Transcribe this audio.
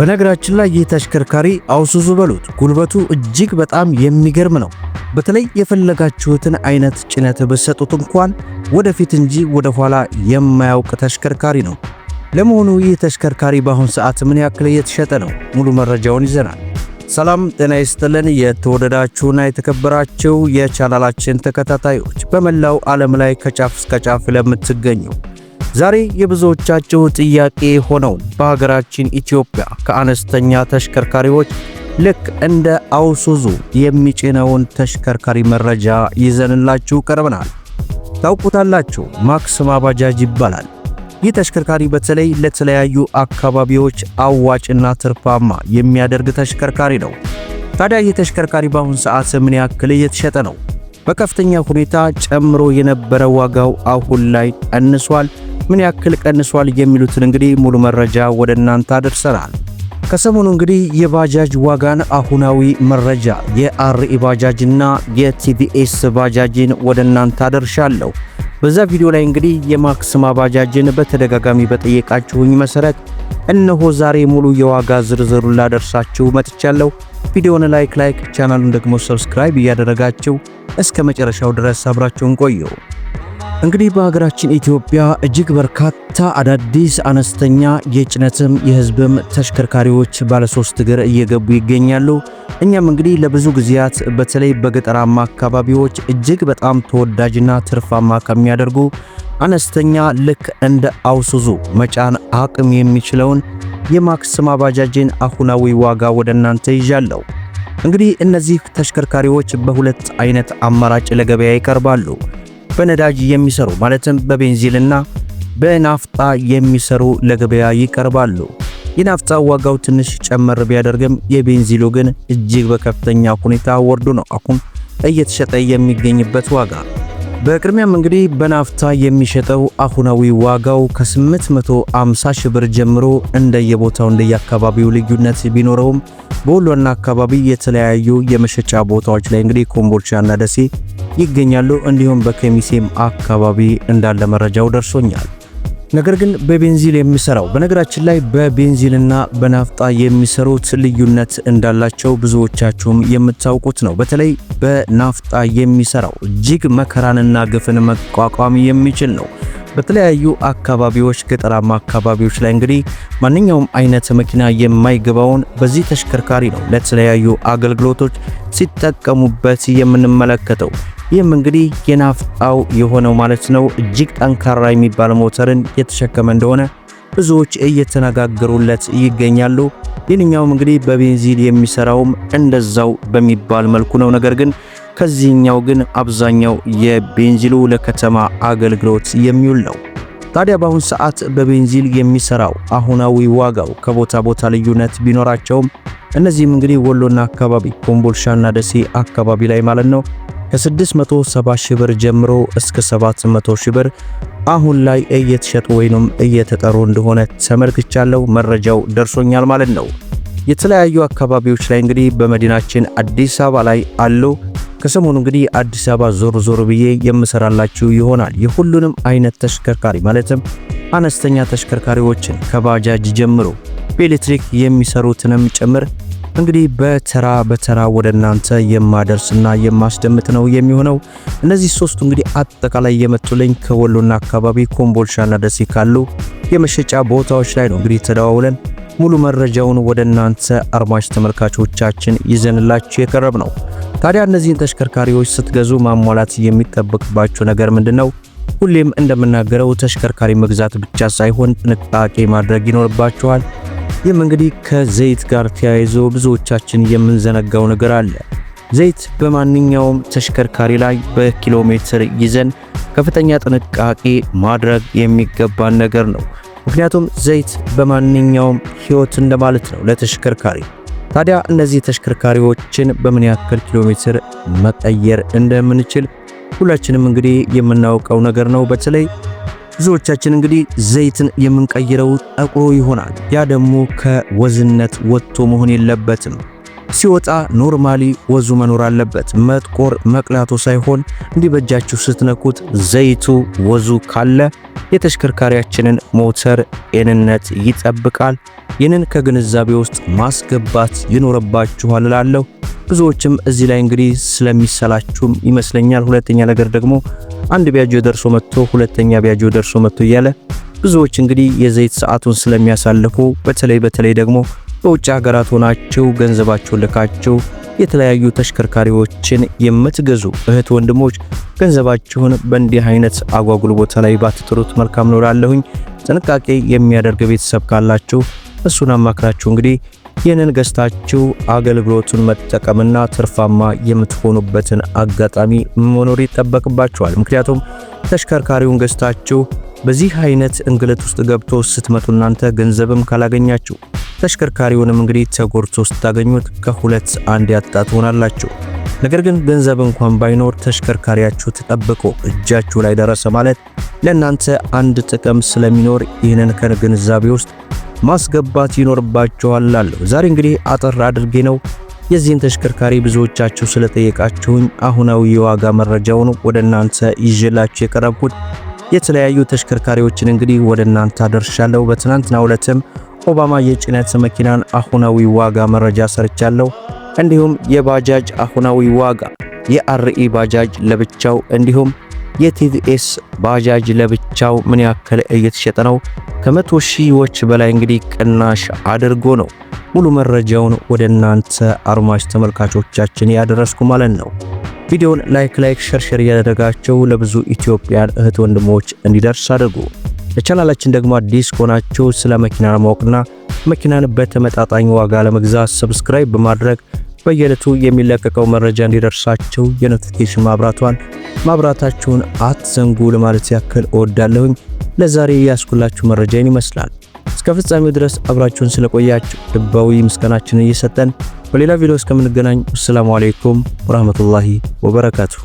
በነገራችን ላይ ይህ ተሽከርካሪ አውሱዙ በሉት ጉልበቱ እጅግ በጣም የሚገርም ነው። በተለይ የፈለጋችሁትን አይነት ጭነት በሰጡት እንኳን ወደፊት እንጂ ወደ ኋላ የማያውቅ ተሽከርካሪ ነው። ለመሆኑ ይህ ተሽከርካሪ በአሁን ሰዓት ምን ያክል እየተሸጠ ነው? ሙሉ መረጃውን ይዘናል። ሰላም ጤና ይስጥልን። የተወደዳችሁና የተከበራችሁ የቻናላችን ተከታታዮች በመላው ዓለም ላይ ከጫፍ እስከ ጫፍ ለምትገኙ ዛሬ የብዙዎቻቸው ጥያቄ ሆነውን በሀገራችን ኢትዮጵያ ከአነስተኛ ተሽከርካሪዎች ልክ እንደ አውሱዙ የሚጭነውን ተሽከርካሪ መረጃ ይዘንላችሁ ቀርበናል። ታውቁታላችሁ፣ ማክስማ ባጃጅ ይባላል። ይህ ተሽከርካሪ በተለይ ለተለያዩ አካባቢዎች አዋጭና ትርፋማ የሚያደርግ ተሽከርካሪ ነው። ታዲያ ይህ ተሽከርካሪ በአሁን ሰዓት ምን ያክል እየተሸጠ ነው? በከፍተኛ ሁኔታ ጨምሮ የነበረ ዋጋው አሁን ላይ ቀንሷል። ምን ያክል ቀንሷል የሚሉትን እንግዲህ ሙሉ መረጃ ወደ እናንተ አደርሰናል። ከሰሞኑ እንግዲህ የባጃጅ ዋጋን አሁናዊ መረጃ የአርኢ ባጃጅና የቲቪኤስ ባጃጅን ወደ እናንተ አደርሻለሁ። በዛ ቪዲዮ ላይ እንግዲህ የማክስማ ባጃጅን በተደጋጋሚ በጠየቃችሁኝ መሰረት እነሆ ዛሬ ሙሉ የዋጋ ዝርዝሩን ላደርሳችሁ መጥቻለሁ። ቪዲዮውን ላይክ ላይክ ቻናሉን ደግሞ ሰብስክራይብ እያደረጋችሁ እስከ መጨረሻው ድረስ አብራችሁን ቆየው። እንግዲህ በሀገራችን ኢትዮጵያ እጅግ በርካታ አዳዲስ አነስተኛ የጭነትም የህዝብም ተሽከርካሪዎች ባለሶስት እግር እየገቡ ይገኛሉ። እኛም እንግዲህ ለብዙ ጊዜያት በተለይ በገጠራማ አካባቢዎች እጅግ በጣም ተወዳጅና ትርፋማ ከሚያደርጉ አነስተኛ ልክ እንደ አውሱዙ መጫን አቅም የሚችለውን የማክስማ ባጃጅን አሁናዊ ዋጋ ወደ እናንተ ይዣለሁ። እንግዲህ እነዚህ ተሽከርካሪዎች በሁለት አይነት አማራጭ ለገበያ ይቀርባሉ። በነዳጅ የሚሰሩ ማለትም በቤንዚልና በናፍጣ የሚሰሩ ለገበያ ይቀርባሉ። የናፍጣ ዋጋው ትንሽ ጨመር ቢያደርግም የቤንዚሉ ግን እጅግ በከፍተኛ ሁኔታ ወርዶ ነው አሁን እየተሸጠ የሚገኝበት ዋጋ በቅድሚያም እንግዲህ በናፍታ የሚሸጠው አሁናዊ ዋጋው ከ850 ሺህ ብር ጀምሮ እንደየቦታው እንደየአካባቢው ልዩነት ቢኖረውም በወሎና አካባቢ የተለያዩ የመሸጫ ቦታዎች ላይ እንግዲህ ኮምቦልቻና ደሴ ይገኛሉ። እንዲሁም በከሚሴም አካባቢ እንዳለ መረጃው ደርሶኛል። ነገር ግን በቤንዚል የሚሰራው በነገራችን ላይ በቤንዚልና በናፍጣ የሚሰሩት ልዩነት እንዳላቸው ብዙዎቻችሁም የምታውቁት ነው። በተለይ በናፍጣ የሚሰራው እጅግ መከራንና ግፍን መቋቋም የሚችል ነው። በተለያዩ አካባቢዎች ገጠራማ አካባቢዎች ላይ እንግዲህ ማንኛውም አይነት መኪና የማይገባውን በዚህ ተሽከርካሪ ነው ለተለያዩ አገልግሎቶች ሲጠቀሙበት የምንመለከተው። ይህም እንግዲህ የናፍጣው የሆነው ማለት ነው እጅግ ጠንካራ የሚባል ሞተርን የተሸከመ እንደሆነ ብዙዎች እየተነጋገሩለት ይገኛሉ። ይህንኛውም እንግዲህ በቤንዚን የሚሰራውም እንደዛው በሚባል መልኩ ነው። ነገር ግን ከዚህኛው ግን አብዛኛው የቤንዚሉ ለከተማ አገልግሎት የሚውል ነው። ታዲያ በአሁን ሰዓት በቤንዚን የሚሰራው አሁናዊ ዋጋው ከቦታ ቦታ ልዩነት ቢኖራቸውም እነዚህም እንግዲህ ወሎና አካባቢ ኮምቦልሻና ደሴ አካባቢ ላይ ማለት ነው ከ670 ሺህ ብር ጀምሮ እስከ 700 ሺህ ብር አሁን ላይ እየተሸጡ ወይንም እየተጠሩ እንደሆነ ተመልክቻለሁ። መረጃው ደርሶኛል ማለት ነው። የተለያዩ አካባቢዎች ላይ እንግዲህ በመዲናችን አዲስ አበባ ላይ አሉ። ከሰሞኑ እንግዲህ አዲስ አበባ ዞር ዞር ብዬ የምሰራላችሁ ይሆናል። የሁሉንም አይነት ተሽከርካሪ ማለትም አነስተኛ ተሽከርካሪዎችን ከባጃጅ ጀምሮ በኤሌክትሪክ የሚሰሩትንም ጭምር እንግዲህ በተራ በተራ ወደ እናንተ የማደርስና የማስደምጥ ነው የሚሆነው። እነዚህ ሶስቱ እንግዲህ አጠቃላይ የመጡልኝ ከወሎና አካባቢ ኮምቦልቻና ደሴ ካሉ የመሸጫ ቦታዎች ላይ ነው እንግዲህ ተደዋውለን ሙሉ መረጃውን ወደ እናንተ አድማጭ ተመልካቾቻችን ይዘንላችሁ የቀረብ ነው። ታዲያ እነዚህን ተሽከርካሪዎች ስትገዙ ማሟላት የሚጠበቅባችሁ ነገር ምንድነው? ሁሌም እንደምናገረው ተሽከርካሪ መግዛት ብቻ ሳይሆን ጥንቃቄ ማድረግ ይኖርባችኋል። ይህም እንግዲህ ከዘይት ጋር ተያይዞ ብዙዎቻችን የምንዘነጋው ነገር አለ። ዘይት በማንኛውም ተሽከርካሪ ላይ በኪሎ ሜትር ይዘን ከፍተኛ ጥንቃቄ ማድረግ የሚገባን ነገር ነው። ምክንያቱም ዘይት በማንኛውም ህይወት እንደማለት ነው ለተሽከርካሪ። ታዲያ እነዚህ ተሽከርካሪዎችን በምን ያክል ኪሎ ሜትር መቀየር እንደምንችል ሁላችንም እንግዲህ የምናውቀው ነገር ነው። በተለይ ብዙዎቻችን እንግዲህ ዘይትን የምንቀይረው ጠቁሮ ይሆናል። ያ ደግሞ ከወዝነት ወጥቶ መሆን የለበትም። ሲወጣ ኖርማሊ ወዙ መኖር አለበት። መጥቆር መቅላቱ ሳይሆን እንዲህ በእጃችሁ ስትነኩት ዘይቱ ወዙ ካለ የተሽከርካሪያችንን ሞተር ጤንነት ይጠብቃል። ይህንን ከግንዛቤ ውስጥ ማስገባት ይኖርባችኋል እላለሁ። ብዙዎችም እዚህ ላይ እንግዲህ ስለሚሰላችሁም ይመስለኛል። ሁለተኛ ነገር ደግሞ አንድ ቢያጆ ደርሶ መጥቶ ሁለተኛ ቢያጆ ደርሶ መጥቶ እያለ ብዙዎች እንግዲህ የዘይት ሰዓቱን ስለሚያሳልፉ በተለይ በተለይ ደግሞ በውጭ ሀገራት ሆናችሁ ገንዘባችሁን ልካችሁ የተለያዩ ተሽከርካሪዎችን የምትገዙ እህት ወንድሞች ገንዘባችሁን በእንዲህ አይነት አጓጉል ቦታ ላይ ባትጥሩት መልካም ነው ጥንቃቄ የሚያደርግ ቤተሰብ ካላችሁ እሱን አማክራችሁ እንግዲህ ይህንን ገዝታችሁ አገልግሎቱን መጠቀምና ትርፋማ የምትሆኑበትን አጋጣሚ መኖር ይጠበቅባችኋል። ምክንያቱም ተሽከርካሪውን ገዝታችሁ በዚህ አይነት እንግልት ውስጥ ገብቶ ስትመጡ እናንተ ገንዘብም ካላገኛችሁ ተሽከርካሪውንም እንግዲህ ተጎድቶ ስታገኙት ከሁለት አንድ ያጣ ትሆናላችሁ። ነገር ግን ገንዘብ እንኳን ባይኖር ተሽከርካሪያችሁ ተጠብቆ እጃችሁ ላይ ደረሰ ማለት ለእናንተ አንድ ጥቅም ስለሚኖር ይህንን ከግንዛቤ ውስጥ ማስገባት ይኖርባችኋል አለው። ዛሬ እንግዲህ አጠር አድርጌ ነው የዚህን ተሽከርካሪ ብዙዎቻችሁ ስለጠየቃችሁኝ አሁናዊ የዋጋ መረጃውን ወደ እናንተ ይዤላችሁ የቀረብኩት። የተለያዩ ተሽከርካሪዎችን እንግዲህ ወደ እናንተ አደርሻለሁ። በትናንትናው ዕለትም ኦባማ የጭነት መኪናን አሁናዊ ዋጋ መረጃ ሰርቻለሁ። እንዲሁም የባጃጅ አሁናዊ ዋጋ፣ የአርኢ ባጃጅ ለብቻው እንዲሁም የቲዲኤስ ባጃጅ ለብቻው ምን ያክል እየተሸጠ ነው? ከመቶ ሺዎች በላይ እንግዲህ ቅናሽ አድርጎ ነው። ሙሉ መረጃውን ወደ እናንተ አድማጭ ተመልካቾቻችን ያደረስኩ ማለት ነው። ቪዲዮውን ላይክ ላይክ ሸር ሸር እያደረጋቸው ለብዙ ኢትዮጵያን እህት ወንድሞች እንዲደርስ አድርጉ። ለቻናላችን ደግሞ አዲስ ከሆናችሁ ስለ መኪና ለማወቅና መኪናን በተመጣጣኝ ዋጋ ለመግዛት ሰብስክራይብ በማድረግ በየዕለቱ የሚለቀቀው መረጃ እንዲደርሳቸው የኖቲፊኬሽን ማብራቷን ማብራታችሁን አትዘንጉ ለማለት ያክል እወዳለሁኝ። ለዛሬ ያስኩላችሁ መረጃን ይመስላል። እስከ ፍጻሜው ድረስ አብራችሁን ስለቆያችሁ ልባዊ ምስጋናችንን እየሰጠን በሌላ ቪዲዮ እስከምንገናኝ፣ አሰላሙ አሌይኩም ወራህመቱላሂ ወበረካቱሁ።